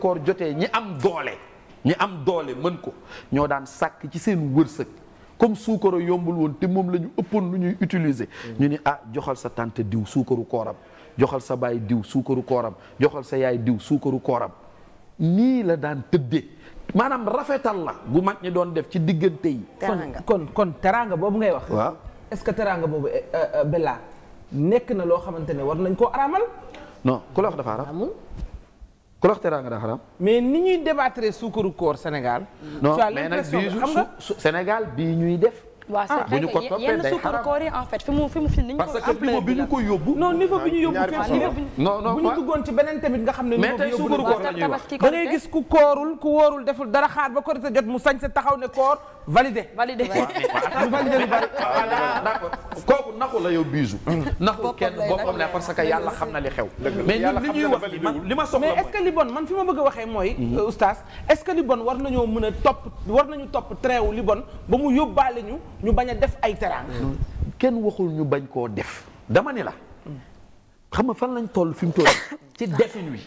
koor jotee ñi am doole ñi am doole mën ko ñoo daan sàkk ci seen wërsëg comme suukaro yombul woon te moom la ñu ëppoon lu ñuy utiliser. ñu ni ah joxal sa tante diw suukaru kooram joxal sa baay diw suukaru kooram joxal sa yaay diw suukaru kooram nii la daan tëddee maanaam rafetal la gu mag ñi doon def ci diggante yi. kon kon teraanga boobu ngay wax. waaw est-ce que teraanga boobu eh, eh, Bella nekk na loo xamante ne war nañ koo araamal. non ku la wax dafa araam. ku lax teraanga daa xaram mais ni ñuy débattre suukaru koor Sénégal. non mais nag bii Sénégal bii ñuy def. waaw c'est ah, vrai que yenn suukaru koor yi en fait fi mu ñu ko parce que niveau bi yóbbu. non niveau bi ñu yóbbu bu ñu duggoon ci beneen tamit nga xam ne. mais tey suukaru koor la ñuy gis ku koorul ku wóorul deful dara xaar ba korite jot mu sañ sa taxaw ne koor validé validé lu validé lu bari d'accord kooku naxu la yow biisu naxu kenn boppam ne parce que yàlla xam na li xew mais ñun li ñuy wax li ma soxla mais est-ce que li bon man fi ma bëgg a waxee mooy mhm. euh, oustaz est-ce que li bon war nañoo mën a topp war nañu topp train li bon ba mu yóbbaale ñu ñu bañ a def ay teraanga mhm. kenn waxul ñu bañ koo def dama ni la xam nga fan lañ toll fi mu toll ci defin wi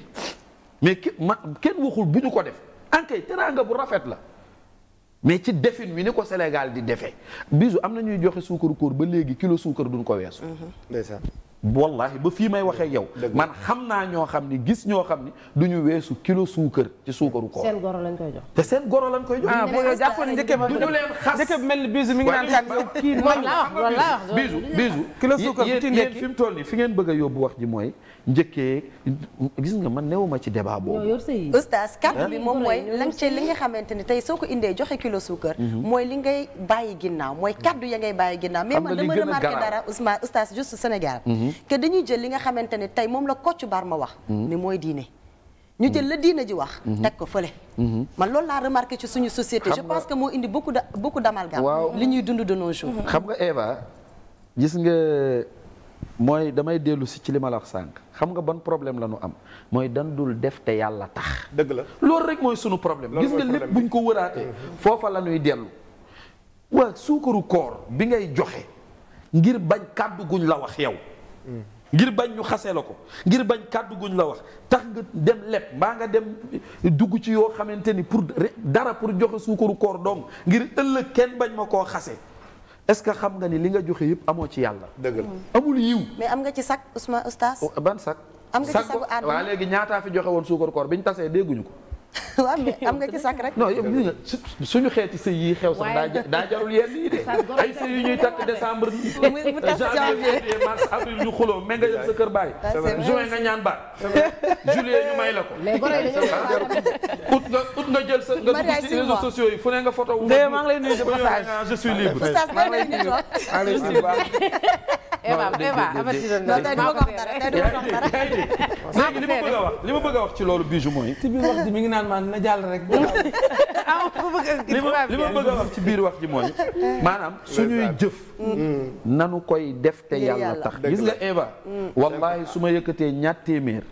mais kenn waxul bu ñu ko def ankay teraanga bu rafet la mais ci defin wi ni ko Sénégal di defe bisu am na ñuy joxe suukaru koor ba léegi kilo suukar duñ ko weesu. Mhm. ndeysaan. wallahi ba fii may waxee yow. man xam naa ñoo xam ni gis ñoo xam ni du ñu weesu kilo suukar ci suukaru koor. seen goro lañ koy jox te seen goro lañ koy jox. ah boo yow jàppoon njëkk ba du ñu mel ni bisu mi ngi naan kan yow kii moom la fi mu toll nii fi ngeen bëgg a yóbbu wax ji mooy njëkkee gis nga man ma ci débat boobu. oustaz kàddu mi moom mooy lan cee li nga xamante ni tey soo ko indee joxe kilo suukar. Mhm. mooy li ngay bàyyi ginnaaw mooy kàddu ya ngay bàyyi ginnaaw mais man dama remarqué dara oustaz juste Sénégal mhm. Mm-hmm. que dañuy jël li nga xamante ne tey moom la Kocc Barma wax mm-hmm. ni mooy diine ñu jël la diina ji wax. Mm-hmm. teg ko fële. man loolu laa remarqué ci suñu société. je pense que moo indi beaucoup de beaucoup d'amalgame. waaw li ñuy dund de nos xam nga Eva gis nga mooy damay dellu si ci li ma la sànq xam nga ban problème la ñu am mooy dan dul def te yàlla tax. dëgg la loolu rek mooy suñu problème. gis nga lépp ñu ko wëraatee. foofa la ñuy dellu. waa suukaru koor bi ngay joxe ngir bañ kàddu la wax yow. ngir bañ ñu xasee la ko ngir bañ kàddu guñu la wax tax nga dem leb mbaa nga dem dugg ci yoo xamante ni pour dara pour joxe suukaru koor dong ngir ëllëg kenn bañ ma koo xase est-ce que xam nga ni li nga joxe yëpp amoo ci yàlla. dëgg la mm-hmm. amul yiw. mais am nga ci sac Ousmane Oustaz. Oh, ban sac. am nga ci sac léegi ñaataa fi joxe woon suukaru koor bi ñu tasee dégguñu ko. waaw mais am nga ci sakk rek. non yow suñu xeeti sëy yi xew sax daa daa jarul yenn yi de. ay sëy yu ñuy takk décembre. mu tas janvier mars avril ñu xuloo mais nga yem sa kër bàyyi. juin ñaan baat. juillet ñu may la ko. ut nga ut nga jël sa nga dugg ci réseaux sociaux yi fu ne nga photo. de maa ngi lay nuyu de passage ah, je suis libre. maa ngi lay nuyu maa ngi lay nuyu. Eva Eva amati wax dara tey wax dara. li ma bëgg a ñaan jàll rek. Ah, li ma li wax ci biir wax ji mooy. maanaam suñuy jëf. Mm. nanu koy def te yàlla tax. gis nga Eva. Mm. wallahi su ma yëkkatee ñaar téeméer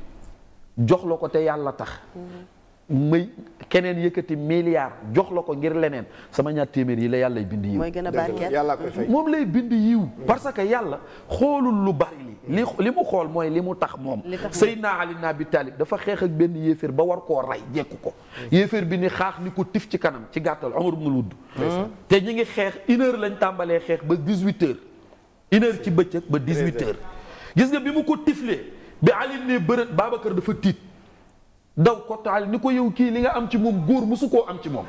jox la ko te yàlla tax. Mm. may keneen yëkkati milliard jox la ko ngir leneen sama ñaar téeméer yi la yàlla bind yiw mooy gën a barkeel yàlla koy mhm. moom lay bind yiw parce que yàlla xoolul lu bari li li li mu xool mooy li mu tax moom Seydina Ali ibn bi Talib dafa xeex ak benn yéeféer ba war koo rey jekku ko mhm. yéeféer bi ni xaax ni ko tif ci kanam ci gàttal Omar ibn Ludd mhm. te ñi ngi xeex une lañ tàmbalee xeex ba dix-huit heures ci bëccëg ba dix gis nga bi mu ko tiflee bi Ali ne bërët Babacar dafa tiit daw ko taal ni ko yow kii li nga am ci moom góor musu koo am ci moom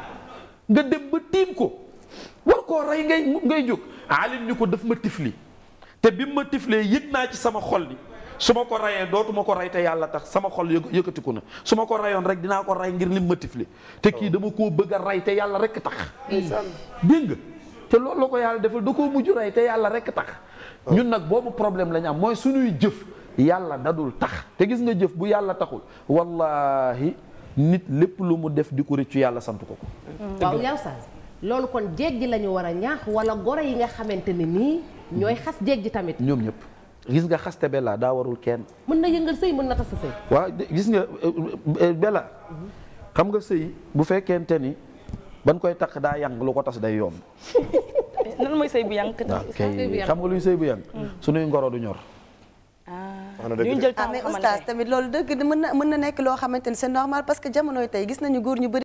nga dem ba tiim ko war koo rey ngay ngay jóg alim ni ko daf ma tifli te bi ma tiflee yëg naa ci sama xol ni su ma ko rayee dootuma ko rey te yàlla tax sama xol yëkkatiku na su ma ko reyoon rek dinaa ko rey ngir lim ma tifli te kii dama koo bëgg a rey te yàlla rek tax dégg nga te loolu la ko yàlla defal da koo mujj rey te yàlla rek tax oh. ñun nag boobu problème la ñu am mooy suñuy jëf yàlla dadul tax te gis nga jëf bu yàlla taxul wallahi nit lépp lu mu def di ko rëccu yàlla sant ko ko waaw yaw saas loolu kon jéeg ji la war a ñaax wala goro yi nga xamante ni nii ñooy xas jéeg ji tamit ñoom ñëpp gis nga xaste Bella daa warul kenn mën na yëngal sëy mën na tas nga euh, euh, euh, Bella xam nga sëy bu fekkente ni ban koy takk daa yang lu ko tas day yomb lan mooy sëy bu yang xam nga luy sëy bu yang mm. suñuy ngoro du ñor duñ jël temps ah, mais oustaz tamit loolu dëgg mën na nekk loo xamante ni c'est normal parce que jamonoy tey gis nañu góor